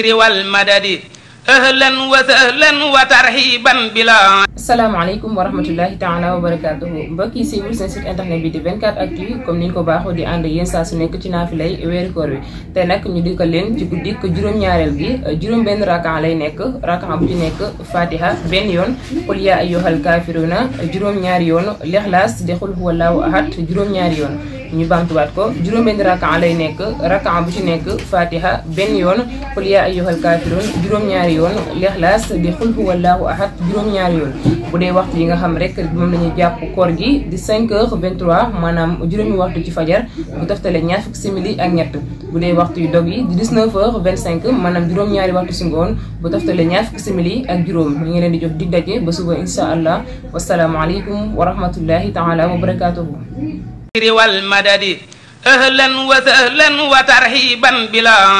zikri wal madadi ahlan wa sahlan wa tarhiban bila asalaamaaleykum wa rahmatullahi taala wa barakaatuhu mbokk yi siiwul seen site internet bi di 24 actu yi comme ni ñu ko baaxoo di ànd yéen saa su nekk ci naafilay weeru koor wi te nag ñu di leen ci guddi juróom-ñaareel gi juróom benn rakan lay nekk rakan mu ci nekk fatiha benn yoon qul ay ayyuhal kaafiruuna juróom-ñaari yoon lixlaas de xul huwallaahu ahad juróom-ñaari yoon ñu bamtuwaat ko juróom-benn raka lay nekk raka bu ci nekk fatiha benn yoon qul yaa ayyuhal kaafiruun juróom-ñaari yoon lexlaas di xul huwallaahu ahad juróom-ñaari yoon bu dee waxtu yi nga xam rek moom lañuy jàpp koor gi di 5 heures 23 maanaam juróomi waxtu ci fajar bu taftalee ñaar fukki simili ak ñett bu dee waxtu yu dog yi di 19 heures 25 maanaam juróom-ñaari waxtu si ngoon bu taftalee ñaar fukki simili ak juróom ñu ngi leen di jox dig daje ba suba incha allah wasalaamualeykum wa rahmatullahi taala wa barakaatuhu wal madadi ahlan wa sahlan wa tarhiban bila